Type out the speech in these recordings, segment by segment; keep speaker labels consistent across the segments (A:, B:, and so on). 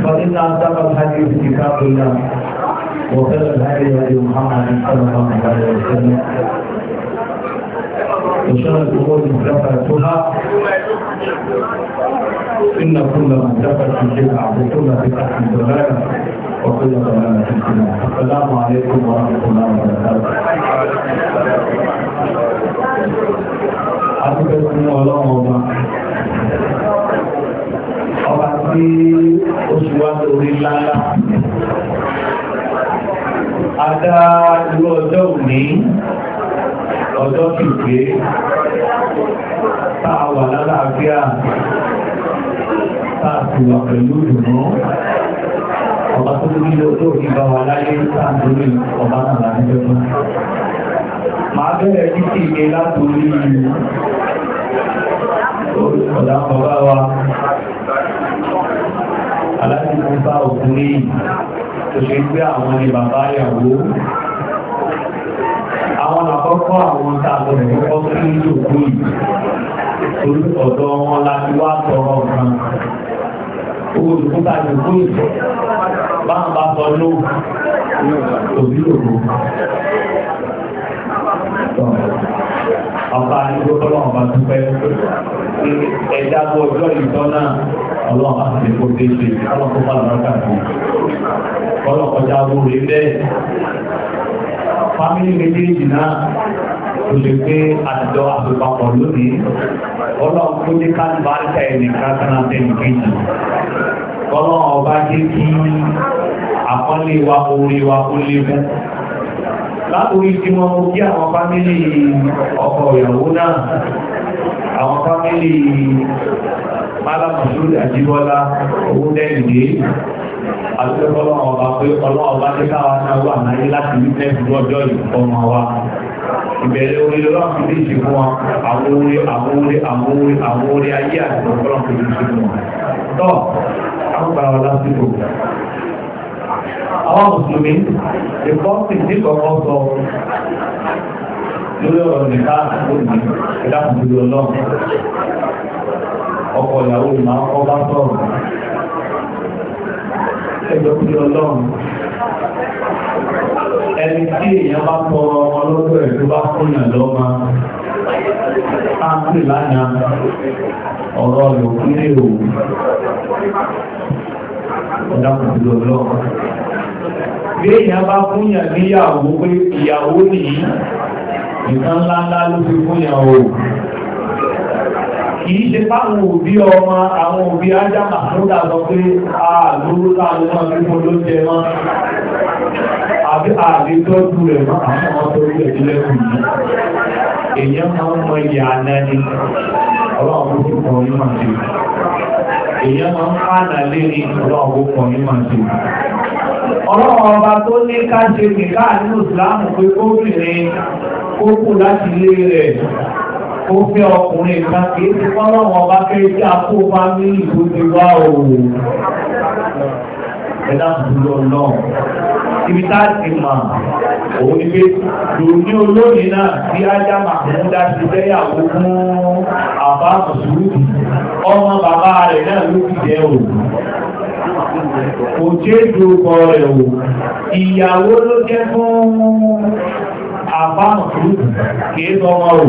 A: فإن أصدق الحديث كتاب الله وخير الهدي هدي محمد صلى الله عليه وسلم وشر الأمور محدثاتها إن كل محدثة بدعة وكل بدعة ضلالة وكل ضلالة في السماء السلام عليكم gbé táà wà lálàáfíà táà sì wà pẹ̀lú ìdùnnú ọba tó ní lóòtó ìgbà wà láyé sáàdúrí ọba náà láti jọba. Màá bẹ̀rẹ̀ títí ìgbé látòrí ọ̀dá bàbá wa aláti mú bá òkúrí tó ṣe gbé àwọn ni bàbá ìyàwó kọ́kọ́ àwọn tààbọ̀ ìrọ́kọ́ tó ń lò kú yìí torí ọ̀dọ̀ wọn láti wá tọrọ kan owó ìfúta lè kú yìí bá ń bá sọ ló òbí òru ọba nígbó tọ́lọ́wọ́n bá dúpẹ́ ẹ̀dá bọ́ ọjọ́ ìtọ́ náà ọlọ́run bá ti kó dé ṣe ọlọ́kọ́ bá lọ́rọ́ kàkiri ọlọ́kọjá wúre bẹ́ẹ̀ fámílì méjèèjì náà
B: tó ṣe pé àtijọ́
A: àpòpapọ̀ lónìí ọlọ́run tó dé kálíbáríkà ẹnìkan kan àti ẹnìkejì ọlọ́run ọba jẹ́ kí àkọ́lé wa orí wa ó lékún látòrí tí wọ́n mú kí àwọn fámílì ọkọ ìyàwó náà àwọn fámílì Málámùsùn Àjíbọ́lá owó dẹ́gbẹ̀dẹ́ àti ọlọ́run ọba pé ọlọ́run ọba jẹ́ káwa náà wà náà láti wípẹ́ ìlú ọjọ́ ìfọ́mọ wa ìbẹ̀rẹ̀ orí ọlọ́run ti ṣe fún wọn àwọn orí àwọn orí àwọn orí àwọn orí ayé àti ọlọ́run ti ṣe fún wọn tọ́ àpàrà wọn lásìkò àwọn mùsùlùmí ìkọ́ sì sí sọ lórí ọ̀rọ̀ nìka lónìí ìdáàbòbò ọlọ́run ọkọ̀ ìyàwó ìmọ̀ ọkọ̀ bá sọ̀rọ̀ ẹjọ́ kúrò ọlọ́run ẹni tí èèyàn bá tọrọ ọlọ́dọ̀ ẹ̀ tó bá kúnnà lọ́mọ
B: áńtì lánàá ọ̀rọ̀ yòókù ní òun
A: ọ̀dàkùnrin lọ́wọ́ bí èèyàn bá fúnyàn níyàwó pé ìyàwó nìyí nǹkan ńláńlá ló fi fúnyàn o kìí ṣe fáwọn òbí ọmọ àwọn òbí ájámà ló dàgbọ́ pé àà lórúkà ló máa fi fún lóúnjẹ máa àbí àbí tọ́jú rẹ̀ máa mọ́ tó rí ẹ̀dílẹ̀ kù yìí èyàn máa mọ ìyà àná ni ọlọ́run tó kọ̀ ní máa ṣe èyàn máa ń pàànà lé ní ọlọ́run tó kọ̀ ní máa ṣe ọlọ́run ọba tó ní ká ṣe nìká nínú ìsìláàmù pé kóbìnrin kó kù láti lé rẹ̀ ó fẹ́ ọkùnrin kan kìí ti fọ́lọ́wọ́ fẹ́ tí a kó bá ní ìlú ti wá òòrùn ẹ̀dá tuntun náà ibi tá ti mọ̀ òun ni pé lòní olóòní náà tí ájá màkúndá ti fẹ́yàwó fún àbá mùsùlùmí ọmọ bàbá rẹ̀ náà ló fi jẹ́ òun kò jẹ́ ìdókọ rẹ̀ o ìyàwó ló jẹ́ fún àbá mùsùlùmí kìí sọmọ o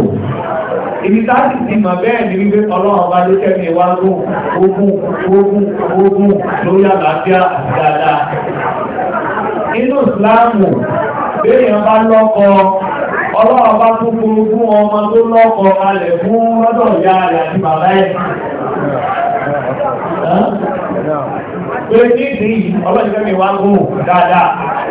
A: ibi táàtì ti mọ̀ bẹ́ẹ̀ ni wípé ọlọ́run bá ló kẹ́mi wá gùn ogun ogun ogun lórí àlàáfíà dáadáa nínú ìsìláàmù béèyàn bá lọ́kọ ọlọ́wọ́ bá tó kúrú fún ọmọ tó lọ́kọ alẹ̀ fún lọ́dọ̀ ìyá rẹ̀ àti bàbá ẹ̀ pé ní ìdí ọlọ́jọ́ mi wá gùn dáadáa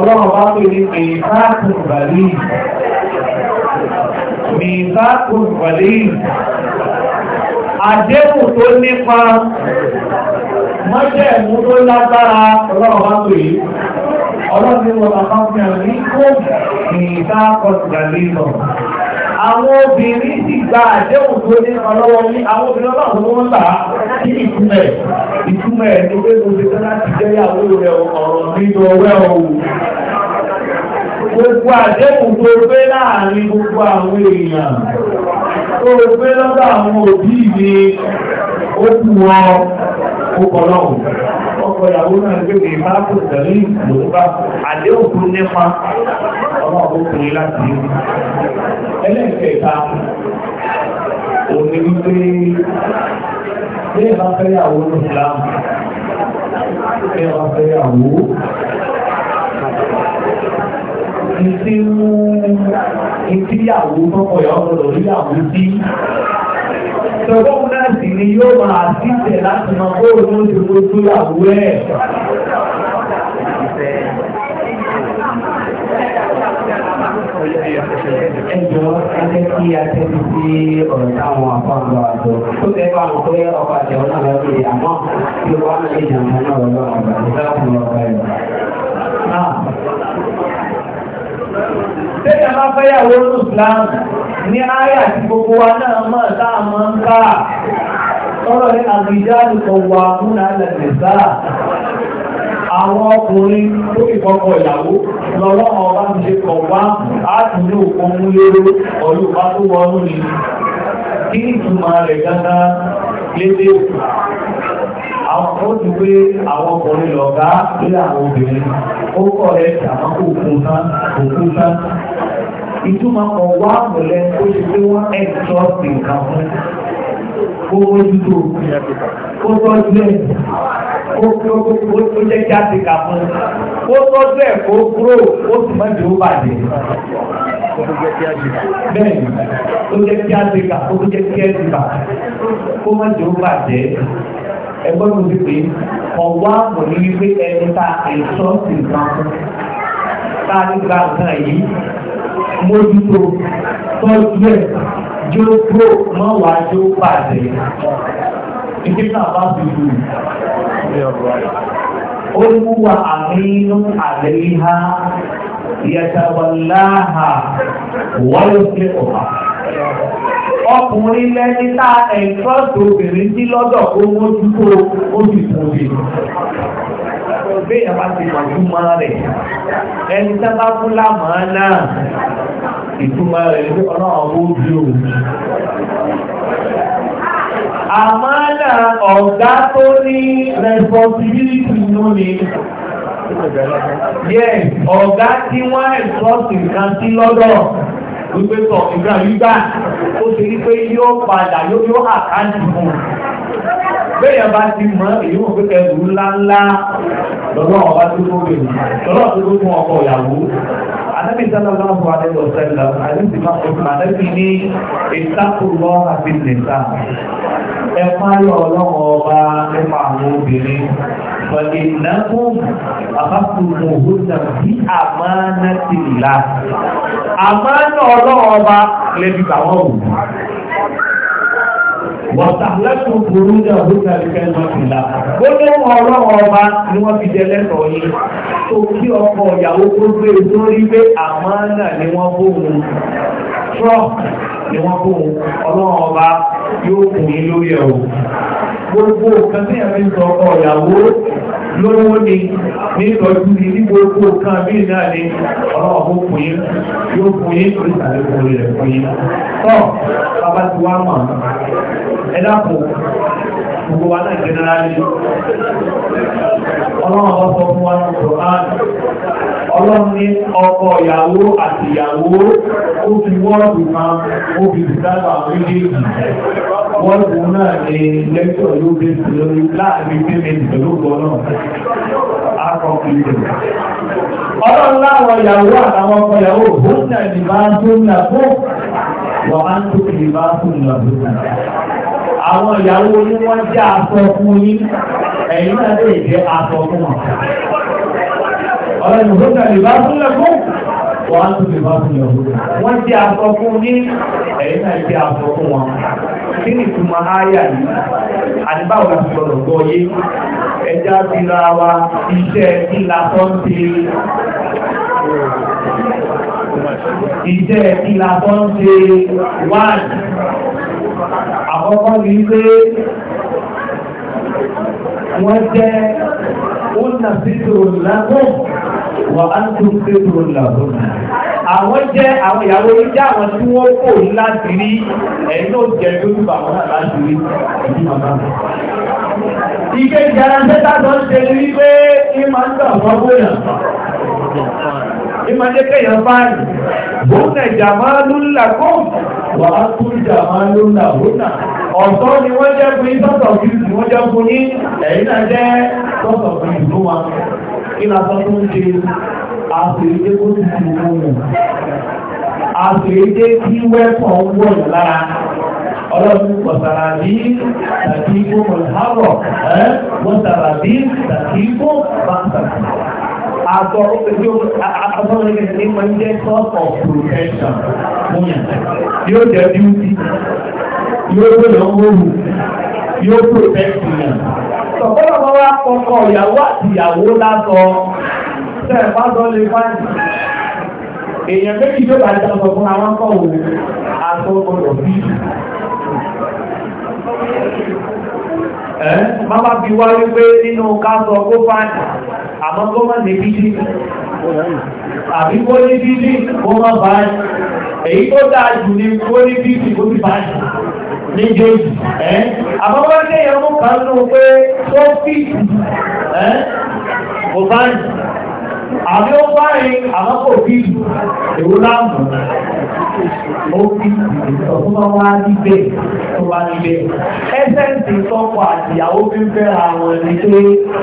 A: ọlọ́run bá pè ní mìíkàkùn bàlí mìíkàkùn bàlí àdéhùn tó nípa mọ́jẹ̀ mú tó lágbára ọlọ́run bá pè ọlọ́run ní wọ́n bá fún ẹ̀rọ ní kó mìíkàkùn bàlí lọ àwọn obìnrin sì gba àdéhùn tó nípa lọ́wọ́ ní àwọn obìnrin ọlọ́run tó wọ́n gbà kí ni ìtumọ̀ ẹ̀ ìtumọ̀ ẹ̀ ní pé mo ti tán láti jẹ́ ìyàwó rẹ̀ ọ̀rọ̀ nínú ọwẹ́ òun gbogbo àdéhùn tó gbé láàrin gbogbo àwọn èèyàn tó gbé lọ́dọ̀ àwọn òbí mi ó kù wọn ó kọ̀ lọ́hùn ọkọ̀ ìyàwó náà gbèbè bá kò tẹ̀lé ìlú bá àdéhùn tó nípa ọlọ́ọ̀kùnrin láti rí ẹlẹ́ẹ̀kẹta òní wípé bí ẹ bá fẹ́ yàwó ní ìlànà bí ẹ bá fẹ́ yàwó ìtí mú ìtí yàwó tọ́kọ̀ yàwó lọ rí yàwó sí tọ́gbọ́n náà sì ni yóò máa títẹ̀ láti mọ bóòlù ó ti gbogbo yàwó ẹ̀ ẹjọ́ ẹgbẹ́ tí a tẹ́tí sí ọ̀rọ̀ táwọn àpáǹdà àjọ tó tẹ́gbà mọ̀ pé ọkọ̀ àjọ náà lọ́wọ́ àmọ́ tí ó wá ní ìjàmbá náà lọ́wọ́ àgbà tó dákùn lọ́wọ́ ẹ̀ Tẹ́lẹ̀ máa fẹ́yàwó ní Ìsìláàmù ní àyà tí gbogbo wa náà mọ̀ táà mọ́ ń ká ọ̀rọ̀ ní àgbìjáàlù ọwà múnà lẹ́gbẹ̀ẹ́sá àwọn ọkùnrin tó ìfọ́kọ̀ ìyàwó lọ́wọ́ báwọn ṣe kọ̀ wá láti ní òkun mú lérò ọ̀lú bá tó wọnú ni kí ìtumọ̀ rẹ̀ gánà lédè àwọn ó ti pé àwọn ọkùnrin lọ̀gá lé àwọn obìnrin ó kọ̀ rẹ̀ tàbí òkun tán òkun tán ìtumọ̀ kọ̀ ó jẹ́ kí á ti kà fún un ó tọ́jú ẹ̀ kó kúrò ó sì mọ́ ìdíwó bàjẹ́. bẹ́ẹ̀ ni ó jẹ́ kí á ti kà ó jẹ́ kí ẹ ti bà kó mọ́ ìdíwó bàjẹ́ ẹgbọ́n mi wípé ọ̀wá kò ní wípé ẹni ta èso sì máa fún ta ní gba nǹkan yìí mójútó tọ́jú ẹ̀ jó kúrò mọ́ wàá jó bàjẹ́. Ìdí náà bá fi dùn ó mú wa àmínú àléhà yẹtàwọláhà wọ́lọ́sẹ̀ ọ̀hà ọkùnrin lẹ́ni tá ẹ̀kọ́ tòbìnrin tí lọ́dọ̀ kó mójú kó ojú ìtòbí béèyàn bá ti mọ̀ ìtumọ̀ rẹ̀ ẹni tá bá náà ìtumọ̀ rẹ̀ ní ọlọ́run ó bí àmánà ọ̀gá tó ní responsibility ló ní yes ọ̀gá tí wọ́n entrust nǹkan sí lọ́dọ̀ wípé sọ ìgbà gbígbà ó ti rí pé yóò padà yóò yóò àkáǹtì fún un bẹ́ẹ̀ bá ti mọ̀ èyí wọ́n pé kẹ́ẹ̀dù ńláńlá lọ́lọ́ ọba tó tó bẹ̀rù lọ́lọ́ tó tó fún ọkọ ìyàwó anábì sallallahu alaihi wa sallam àdìsí máa kó fún anábì ní ìtàkùrọ̀ àti Allah ẹ páyọ̀ ọlọ́run ọba nípa àwọn obìnrin pẹ̀lú ìnákùn àbákùnrin òhúnjà bí àmánà ti nìlá àmánà ọlọ́run ọba lẹ́bi bàwọ́
B: wọ̀tàlẹ́kùn
A: burú ní ọdúnkà ìfẹ́ ìmọ̀kìlá gbogbo ọlọ́wọ́ ọba ni wọ́n fi jẹ lẹ́tọ̀ọ́ yìí tó kí ọkọ ìyàwó tó gbé lórí e pé àmánà ni wọ́n bóhun trump ni wọ́n bóhun ọlọ́wọ́ ọba yóò kù ní lórí ẹ̀wò gbogbo kan tí ẹ̀mí sọ ọkọ ìyàwó lówó ni ní ìtọ́jú ni ní gbogbo kan bí náà ni ọlọ́wọ́ kò kù yín yóò kù yín lórí ìsàlẹ̀ kò rẹ̀ kù yín tọ́ bàbá ti wá mọ̀ ẹ̀dàpọ̀ gbogbo wa náà jẹ́nẹ́rálì ọlọ́run ọkọ̀ fún wa náà kòrán ọlọ́run ní ọkọ ìyàwó àti ìyàwó ó fi wọ́ọ̀dù kan ó fi ìdájọ́ àwọn méjèèjì wọ́ọ̀dù náà ní lẹ́tọ̀ yóò gbé sí lórí láàrin pẹ́mẹ́ntì pẹ̀lú ọgbọ́n náà akọ̀kọ̀ á ń
B: tó kì
A: bá fún ìlànà àwọn ìyàwó ní wọ́n jẹ́ aṣọ fún yín ẹ̀yin náà lè jẹ́ aṣọ fún wọn.
B: ọ̀rẹ́ni òṣèlú ìbá súnlẹ̀ fún
A: wọ́n á tún ìbá súnlẹ̀ fún wọ́n jẹ́ aṣọ fún yín ẹ̀yin náà jẹ́ aṣọ fún wọn. kí ni ìtumọ̀ ááyà yìí àdìbáwò láti gbọdọ̀ gbọ́ yé ẹja ti ra wa iṣẹ́ ńlá tó ń ti iṣẹ́ ńlá tó ti wáàdì àkọ́kọ́ ní pé wọ́n jẹ́ ọ̀nà sídòrò lágbó wà á tún sídòrò lágbó àwọn jẹ́ àwọn ìyàwó yìí jẹ́ àwọn tí wọ́n kò láti rí ẹ̀yìn náà jẹ́ lórí bàbá náà láti rí ẹ̀yìn màmá ike ìjára mẹ́ta tó ń ṣe wípé kí máa ń tàn wọ́n bóyàn ìmọ̀ jẹ́ kẹyàn báyìí bóun ẹ̀jà ló ń là wà á tún ìjà ló ń là náà ọ̀tọ́ ni wọ́n jẹ́ fún ìtọ́tọ̀ gírísì wọ́n jẹ́ fún ní ẹ̀yìn náà jẹ́ tọ́tọ̀ gírísì fún wa ìlà tọ́tọ̀ ń ṣe àṣèrédé kó ti fi owó mọ̀
B: àṣèrédé
A: kí wẹ́pọ̀ ń wọ̀ lára ọlọ́run pọ̀tàrà bí tàbí ikú mọ̀lẹ́hárọ̀ ẹ́ pọ̀tàrà bí tàbí ikú bàtàkì àtọ̀ àtọ̀rẹ́gẹ̀ẹ́ ní mọ̀ ń jẹ́ tọ́tọ̀ protection fún yàn yóò jẹ́ beauty yóò lọ wóòrù yóò protect yàn. Sọ̀kọ́lọ̀ bá wá kọ́kọ́ ìyàwó àti ìyàwó lásọ tẹ́ bá sọ lè fáìlì. Èèyàn méjì tó bá jẹ́ ọ̀sọ̀ fún àwọn kọ̀ wò aṣọ gbọdọ̀ bí. Ẹ́ má bá fi wá wípé nínú ká sọ kó fáìlì àmọ́ kó má ní bíjí. Àbí kó ní bíjí kó má báyìí. Èyí tó dáa jù ni kó ní bíjí kó ti báyìí méjèèjì ẹ́ àbábá ní ẹ̀rọ kan ló pé tó fíìsì ẹ́ kò báyìí àbí ó báyìí àmọ́ kò fíìsì èwo láàmù ó fíìsì ọ̀tún máa wá níbẹ̀ tó wá níbẹ̀ ẹ́sẹ̀ǹsì tọ́pọ̀ àtìyàwó fífẹ́ àwọn ẹni pé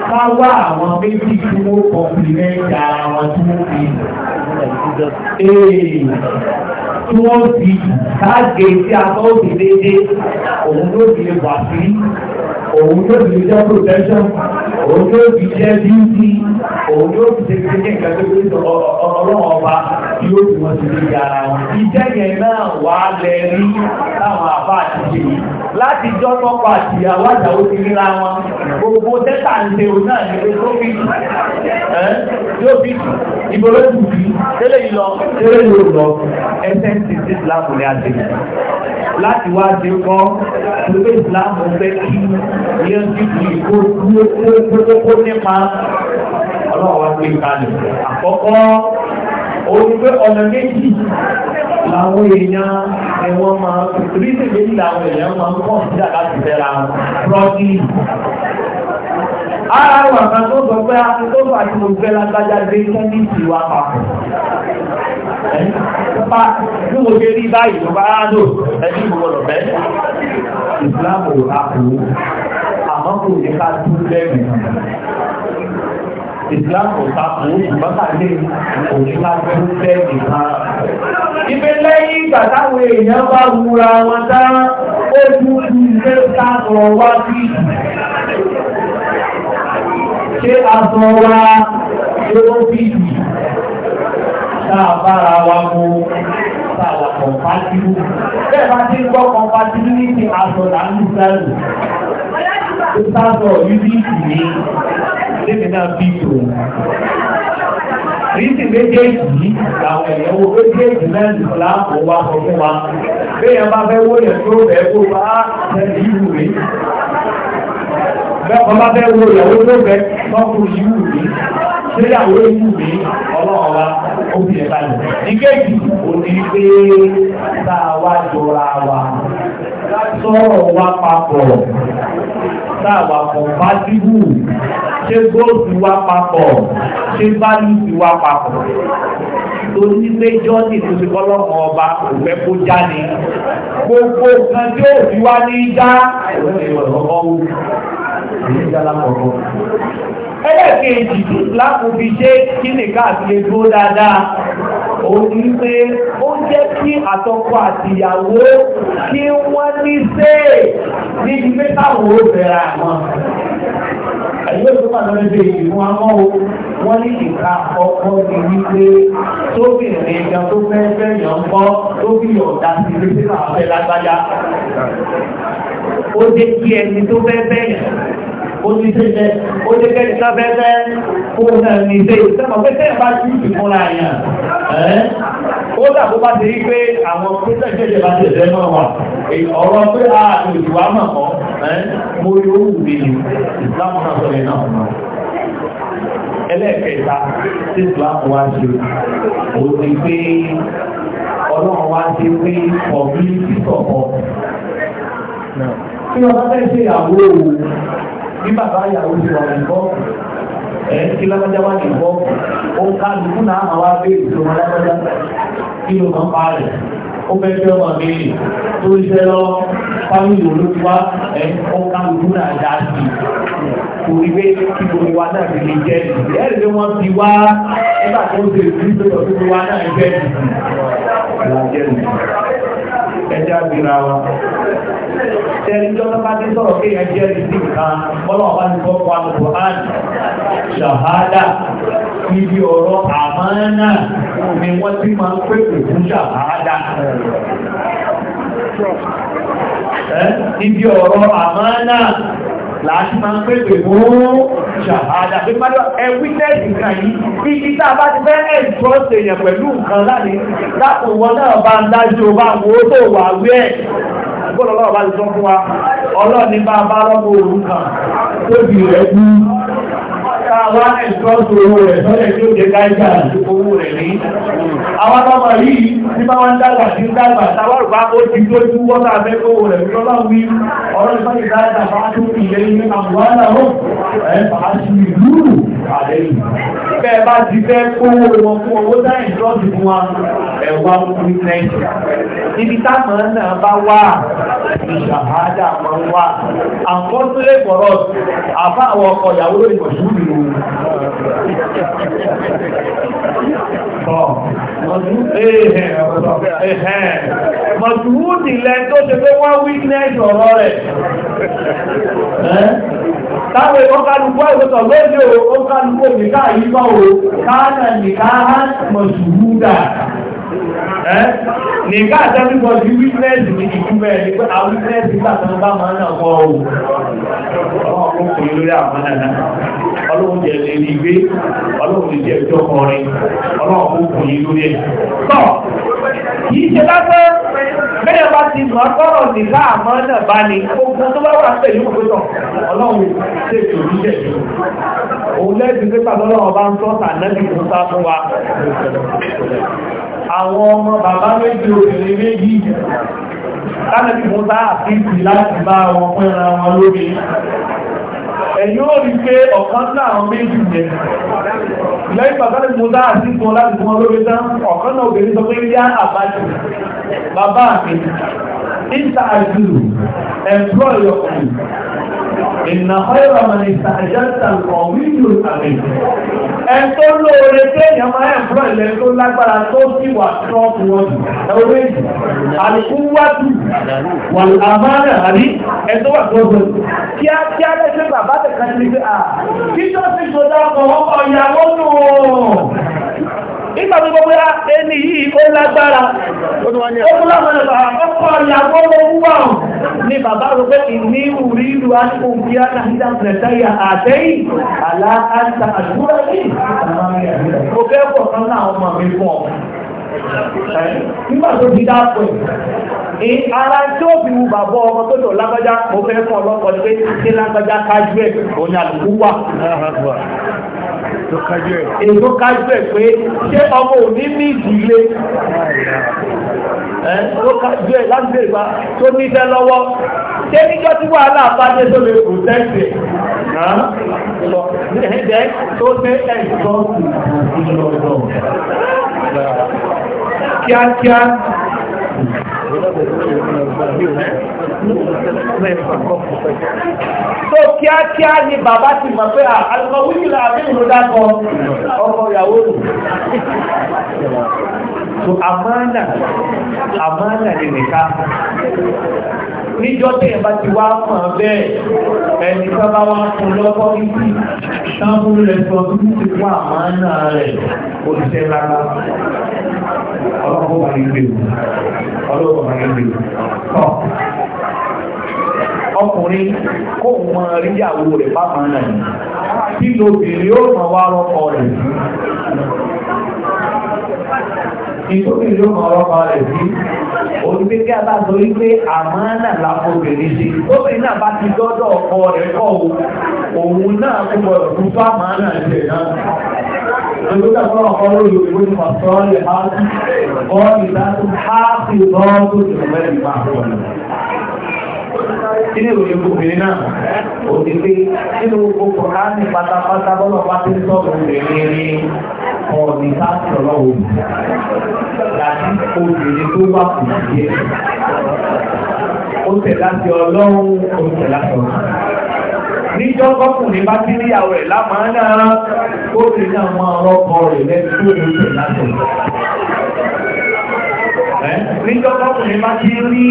A: ká wá àwọn méjì tí wọ́n kọ̀ọ̀pì mẹ́ta àwọn tí wọ́n fi tí wọ́n fi káàgé tí a tọ́ sí dédé òun ló fi lè wà sí òun ló fi jẹ́ protection òun ló fi jẹ́ beauty òun ló fi ṣe kékeré nǹkan tó fi sọ ọlọ́run ọba tí ó fi wọ́n ti lè ga ara wọn. ìjẹ́ yẹn náà wà á lẹ rí láwọn àbá àti ṣe láti jọ́ tọ́pọ̀ àti ìyàwó àjàwó ti ríra wọn gbogbo tẹ́tà ń ṣe òun náà ní pé tó fi ìbò ló ti bí tẹ́lẹ̀ yìí lọ tẹ́lẹ̀ yìí lọ ẹsẹ̀ ti sí Islam ní adé láti wá dé kọ́ pé Islam fẹ́ kí yẹn ti di kókó nípa ọlọ́wọ́ pé kalẹ̀ àkọ́kọ́ orígbé ọ̀nà méjì láwọn èèyàn ẹ̀wọ̀n máa rí sí méjì láwọn èèyàn máa ń kọ́ sí àkàtúntẹ́ra prọ́dí ara wà kan tó sọ pé a ti tó fà ní mo fẹ́ lágbájá dé sẹ́ńtì wa papọ̀
B: pa bí mo ṣe rí báyìí lọ bá rádò
A: ẹni ìgbòmọ̀lọ̀ bẹ́ ìsìláàmù àpòwò àmọ́ kò ní ká tú lẹ́rìn
B: ìsìláàmù àpòwò ìbọ́ta lè kò ní ká tú lẹ́rìn kan ibẹ̀
A: lẹ́yìn ìgbà táwọn èèyàn bá wúra wọn dá ó dúdú ilé ká lọ wá sí ìsìláàmù
B: ṣé aṣọ wa
A: ṣé ó fi yìí sáàbára wa mú sáàwà kọ̀ǹpátìlú bẹ́ẹ̀ bá ti ń gbọ́ kọ̀ǹpátìlú ní ti aṣọ làálùsáàlù
B: tó sáàsọ̀ yìí ní lèmi náà bí tò ríṣì méjèèjì làwọn èèyàn wo
A: méjèèjì náà ní láàpù wa sọ fún wa bẹ́ẹ̀ bá fẹ́ wó yẹn tó bẹ́ẹ̀ kó bá tẹ̀lé ìwúrí
B: ọba fẹ́ wo ìyàwó tó fẹ́
A: tọ́kù yíwù mí síyàwó yíwù mí ọlọ́ọ̀wá òbí ẹ̀ bá lọ. ò ní pé tá jọra wa sọ̀rọ̀ wa papọ̀ tá a bá dìbò ṣé góòtù wa papọ̀ ṣé bálùtù wa papọ̀ torí ní ìtòsí kọ́lọ́mọ ọba òfẹ́ kó já ni gbogbo kan tí ó fi wá ní já òun ìwọ̀n ọ̀hún ẹlẹ́kẹ̀ẹ́jì lákòbí jẹ́ kí nìkan àti egbó dáadáa òun ní pé ó jẹ́ kí àtọkọ àti ìyàwó kí wọ́n ní sẹ́ níbi pé táwọn ó bẹ̀rẹ̀ àwọn àyíwé tó bá lọ́rẹ́ bẹ́ẹ̀ yìí wọ́n o wọ́n ní ìka ọkọ ní wípé tóbìnrin ẹ̀yàn tó fẹ́ fẹ́ yàn ń bọ́ tóbìnrin ọ̀dà sí ilé sí àwọn ó dé kí ẹni tó fẹ́ bẹ́yàn ó fẹ́ fẹ́ fún náà ní ṣe ìsẹ́mọ̀ pé bá ti ìfì fúnra yàn ó dàbó bá ti rí pé àwọn pẹ́sẹ̀ jẹ́jẹ́ bá ti ẹ̀fẹ́ náà wà ọ̀rọ̀ pé a àti òjìwá mọ̀ mọ́ mo rí owó mi ní ìsìlámù náà sọ náà ẹlẹ́ẹ̀kẹta tí ìsìlámù wá ṣe òun ni pé ọlọ́run wá ṣe pé kọ̀ọ̀bí sísọ̀kọ̀ kí ọba bẹ́ẹ̀ ṣe ìyàwó òwò bí bàbá ìyàwó ti wà nìkọ́ ẹ̀ kí lágbájá wà nìkọ́ ó ká lùkú náà àwọn abẹ́rẹ́ ìṣòro lágbájá kí ló máa ń pa rẹ̀ ó fẹ́ fẹ́ ọmọ mi tó ń ṣe lọ fámìlì olóṣùwà ẹ̀ ó ká lùkú náà dá sí i kò rí pé kí gbogbo wa náà fi lè jẹ́ ẹ̀ rí pé wọ́n ti wá nígbà tó ń ṣe ìdúró tó wa náà jẹ́ ẹ̀jẹ̀ tẹ́rí tí ọlọ́pàá ti sọ̀rọ̀ pé ẹ jẹ́ rí sí nǹkan ọlọ́pàá ti kọ́ pa lọ́pọ̀ án ṣàhádà níbi ọ̀rọ̀ àmánà ni wọ́n ti máa ń pèpè fún ṣàhádà
B: níbi ọ̀rọ̀ àmánà
A: láti máa ń pèpè fún ṣàhádà pé pàdé ẹwí tẹ́sì kan yìí ibi tá a bá ti fẹ́ ẹ̀tọ́ gbọ́dọ̀ lọ́wọ́ bá ti sọ fún wa ọlọ́ọ̀ni bá bá lọ́mọ òru kan tóbi rẹ̀ bú káwá ẹ̀kọ́sù owó rẹ̀ sọ́lẹ̀ tí ó jẹ káíkà owó rẹ̀ ní àwọn ọmọ yìí tí bá wọ́n dàgbà sí dàgbà sáwọ́rù bá ó ti tó tú wọ́n tàbẹ́ owó rẹ̀ lọ́lọ́wí ọ̀rọ̀ ìfọ́nìdájà bá tó ìlẹ́yìn àwọn àwọn àwọn àlẹ́yìn bẹ́ẹ̀ bá ti fẹ́ kówó wọn fún owó dáìn lọ́dún fún wa ẹ̀wà fún nàìjíríà níbi táwọn náà bá wà ìṣàhádà máa wà àkọsílẹ̀ pọ̀rọ̀ àbá àwọn ọkọ̀ ìyàwó lórí mọ̀ṣúrù Ẹ̀hẹ̀n mọ̀túwúdì lẹ tó ṣe pé wọ́n wíkínẹ́ẹ̀sì ọ̀rọ̀ rẹ̀ táwọn èèyàn kálukú ẹ̀wọ̀tọ̀ lóde o ó kálukú òmìnira yìí bá o káàdà nìkáhá mọ̀túwúdà nìká àtẹ́lúgbọ̀dì wítínẹ́sì ní ìkúmẹ̀ ní pé àwọn wítínẹ́sì gbàtàn bá máa náà kọ́ ohun ọkùnrin lórí àwọn náà ọlọ́run jẹ́ lè rí gbé ọlọ́run jẹ́ ẹjọ́ kọrin ọlọ́run kò kùnrin lórí ẹ̀ kìí ṣe lásán bẹ́ẹ̀ bá ti mọ̀ sọ́rọ̀ ní láàmọ́ náà bá ní gbogbo tó bá wà pẹ̀lú òpótọ̀ ọlọ́run ṣe ètò ìṣẹ̀ òun lẹ́sìn pípa lọ́lọ́run bá ń sọ tànẹ́bì tó sá fún wa àwọn ọmọ bàbá méjì obìnrin méjì tánẹ́bì tó sá àti ìsìn láti bá wọn pẹ́ra wọn lórí ẹ̀yìn ó rí pé ọ̀kan náà àwọn méjì yẹn lẹ́yìn pàtàkì mo dá àti kan láti fún olóbi tán ọ̀kan náà obìnrin sọ pé yá àbájọ bàbá mi níta àjùlù ẹ̀mplọ́ ìyọkùnrin ìnà ọ̀yọ́ àmàlẹ̀ ìta àjẹ́ta ọ̀wí ìlú àmì ẹn tó lóore tí èèyàn máa ń fún ẹ̀lẹ́ tó lágbára tó sì wà trump wọn ẹ̀wọ́n àlùkù wájú wà àmàlà àrí ẹn tó wà tó gbẹ. kí á kí á lẹ́sẹ̀ bàbá tẹ̀ka sí pé à kí tó ti sọdá kan ọ̀yàwó nù nígbà tó gbogbo ẹni yìí ó lágbára ó tún láwọn ọ̀pọ̀ ìyàwó ló wúwà ọ̀ ní bàbá rọ pé ìní ìwúrí ìlú àtìkò bí á náà nígbà pẹ̀lẹ́tẹ́yà àtẹ́yìn aláàtà àdúrà ní mo fẹ́ pọ̀ kan náà ọmọ mi fún ọ nígbà tó ti dáàpọ̀ ẹ̀ ara tí ó fi wu bàbá ọmọ tó tò lágbájá mo ètò kájú ẹ̀ pé ṣé ọmọ òní ní ìdílé tó kájú ẹ̀ láti lè bá tó níṣẹ́ lọ́wọ́ ṣé níjọ́ tí wàhálà bá dé tó lè kò tẹ́sì ẹ̀ẹ́dẹ́ tó dé ẹ̀sọ́ ìlọ́dọ̀ kíákíá tó kíákíá ni bàbá ti mọ̀ pé àlùkò wíkìlá àbínú dákọ ọkọ ìyàwó rù so amánà amánà ni nìka níjọ́ tí ẹ̀bá ti wá fún abẹ́ ẹni sábà wá fún lọ́kọ́ níbi sáàmù rẹ̀ sọ bí ti wá amánà rẹ̀ òṣìṣẹ́ lára ọlọ́pọ̀ wà ní ìgbèrú ọkùnrin kó mọ ríyàwó rẹ̀ bá máa nà ní kí lóbìnrin ó mọ̀ wá rọ́kọ rẹ̀
B: sí ìtòbìnrin ó mọ̀
A: rọ́kọ rẹ̀ sí onígbé kí a bá sọ wípé àmánà lábòbìnrin sí obìnrin náà bá ti dọ́dọ̀ ọkọ rẹ̀ kọ́ òun náà kó bọ̀rọ̀ fún fámánà náà فلتكون قول يؤمن والصالحات قائمات حافظات لما يفعلون Ilé ìròyìn obìnrin náà, òdìdí nínú gbogbo ká ní pátápátá bọ́lọ̀ bá tí ń sọ́rọ̀ obìnrin ní ọ̀nì sáàtìlọ́lọ́ òbí. Láti obìnrin tó bá kù sí ẹ̀. Ó tẹ̀ láti ọlọ́run, ó tẹ̀ láti ọ̀sán níjọ́ kọkùnrin bá ti rí àwẹ̀ lámàánà ó ti ní àwọn ọ̀rọ̀kọ rẹ̀ lẹ́nu tó ní ìpè láti níjọ́ kọkùnrin bá ti rí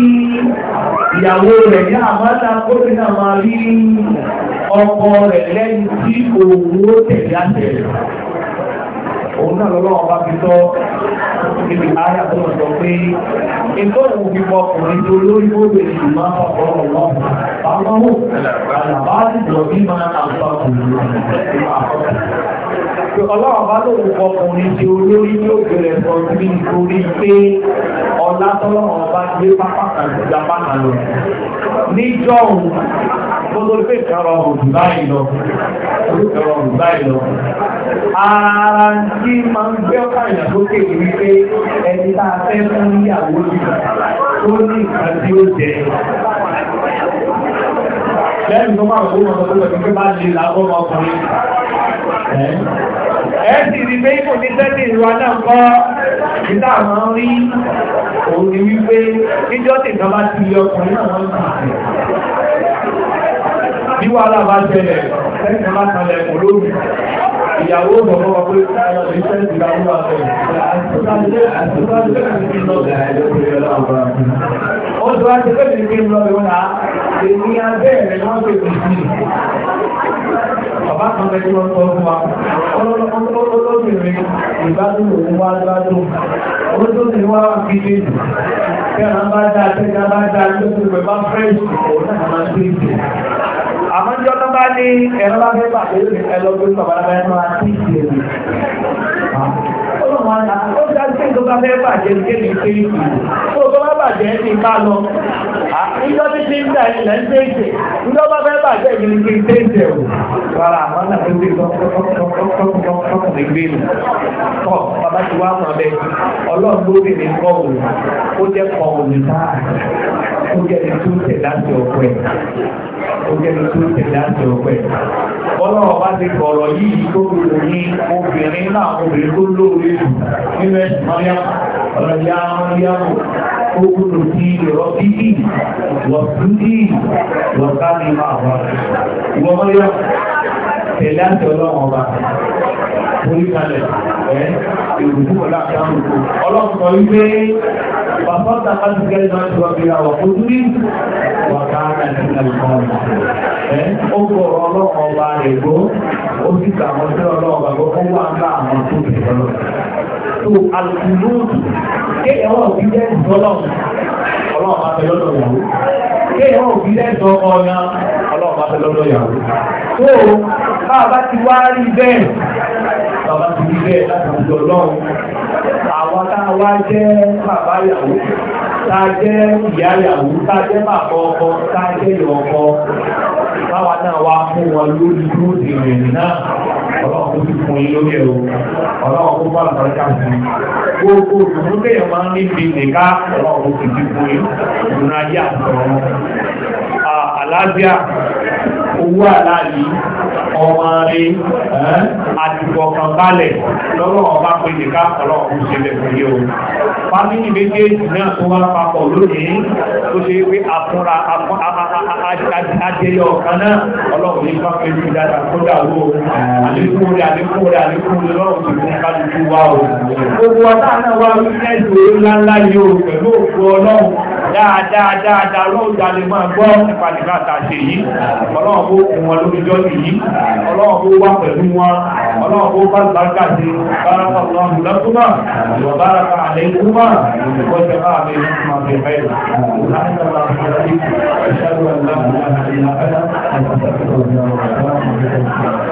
A: ìyàwó rẹ̀ ní àmàánà ó ti ní àwọn rí ọkọ rẹ̀ lẹ́nu tí òun ó tẹ̀lé àtẹ̀ òun náà lọ́wọ́ ọba fi tọ́ níbi ayà tó ń sọ pé ìtọ́ òun fi pọ̀ ọkùnrin tó lórí gbogbo èsì máa ń pọ̀ ọ̀rọ̀ àmọ́wò àlàbá ti jọ bí máa ń àpá Ọlọ́run bá ló wù ọkùnrin tí olórí ní kó tó pé kàrọ ọ̀rùn báyìí lọ ara tí ma ń gbé ọkà ìyàgbókè wípé ẹni tá a fẹ́ fún ìyàwó tó ní ìkan tí ó jẹ lẹ́yìn tó máa tó mọ̀ tó lọ pípẹ́ bá lè lábọ́mọ ọkùnrin ẹ̀ sì rí pé ipò ní tẹ́lẹ̀ ìrọ̀ náà bí wà láàbá jẹ́lẹ̀ ẹ̀kùn látàlẹ̀ olóòrùn ìyàwó ọ̀gbọ̀n pé ọjọ́ àti pẹ́lú ìpín lọ́wọ́ ìwọ́nà èmi abẹ́ẹ̀rẹ̀ wọ́n pè mí sí bàbá kan bẹ́ẹ̀ wọ́n tọ́ fún wa olóbìnrin ìgbádùn òun wá gbádùn olóbìnrin wá fi dé jù kí àwọn bá dáa tẹ́jà bá dáa lóṣù pẹ̀lú bá fẹ́ẹ̀sì òun náà máa ń dé jù àmọ́jọ́ tó bá ní ẹ̀rọ bá fẹ́ pàdé lórí ẹlọ́gbé sọ̀bàlábà ẹ̀rọ àti ìṣẹ̀lẹ̀ ọlọ́run àná ó dá sí tó bá fẹ́ bàjẹ́ kéèkì kéèkì tó tó bá bàjẹ́ ní ìbá lọ ìjọ́ tí ti ń dà ilẹ̀ ń tẹ́ẹ̀tẹ̀ ìjọ́ bá fẹ́ bàjẹ́ ìgbìlì kí n tẹ́ẹ̀tẹ̀ ò rárá àwọn náà tó ti tọkùnrin gbé nù tọ́ bàbá ti wá mọ̀ bẹ́ẹ̀ ọlọ́run ló bè ní kọ́ òun ó jẹ́ kọ́ òun táà ó jẹ́ ní tó tẹ̀ láti ọ̀pọ̀ ẹ̀ ojẹ́ni tó tẹ̀lé àti ọ̀pẹ́. Ọlọ́run bá ti kọ̀rọ̀ yìí tó rúrù ní obìnrin náà obìnrin tó lóore jù nínú ẹ̀sùn mọ́ríà ọ̀rọ̀yà mọ́ríàmù ó gbúdọ̀ sí ìrọ̀ bíbí wọ̀túndì wọ̀tánì máa wà. Ìwọ mọ́ríà tẹ̀lé àti ọlọ́run ọba oríkalẹ̀ ẹ́ ìrùjú ọ̀lá àkàrùkù ọlọ́pọ̀ wípé bàbá ọ̀tà láti gẹ́gẹ́ náà ti bí i àwọ̀ ojú Ó gbọ́rọ̀ ọlọ́run ọba rẹ̀ gbó, ó sì kàwọn sí ọlọ́run ọba gbó, ó wà ń bá àwọn tó ti sọ́lọ́. So, alùpùpù ké ẹ̀wọ̀n òbí jẹ́ ìdọ́lọ́run, ọlọ́run bá fẹ́ lọ́dọ̀ ìyàwó. Ké ẹ̀wọ̀n òbí jẹ́ ìdọ́ ọyàn, ọlọ́run bá fẹ́ lọ́dọ̀ a bá ti wá rí bẹ́ẹ̀, bàbá ti rí bẹ́ẹ̀ láti ìdọ́lọ́run. Àwọn táwa jẹ́ bàbá ìyàwó ta jẹ́ ìyáyàwó ta jẹ́ bàbọ̀ ọkọ ta jẹ́ ìrọ̀kọ láwa náà wá fún wọn lórí lóde ìrìn náà ọlọ́run tó ti fún yín lórí ẹ̀rọ ọlọ́run tó bá lọ́rọ̀ sí gbogbo òṣùwọ̀n tó yẹ máa ń níbi nìka ọlọ́run fún ìrìn ayé àtọ̀rọ̀ ọmọ rí àtìkọ̀kan balẹ̀ lọ́rọ̀ ọba pé nìká ọlọ́run ṣẹlẹ̀ pẹ̀lú o fámílì méjèèjì náà tó wá papọ̀ lónìí tó ṣe pé àfúnra ajẹyọ ọ̀kan náà ọlọ́run ní bá pẹ̀lú ìdájà tó dàwó àlékún rẹ̀ àlékún rẹ̀ àlékún rẹ̀ lọ́rùn tó fún kálukú wá o gbogbo ọ̀tá náà wá wípé dáadáa dáadáa ọlọ́run jalè máa gbọ́ nípa nígbà tàṣe yìí ọlọ́run bó kún wọn lórí jọ́sì yìí ọlọ́run bó wà pẹ̀lú wọn ọlọ́run bó bá gbàgbà sí báraka ọlọ́run lọ́túnmá wọ báraka àlẹ́kúnmá ìgbọ́sẹ̀ máa bẹ ìrìnàmà bẹ bẹ́ẹ̀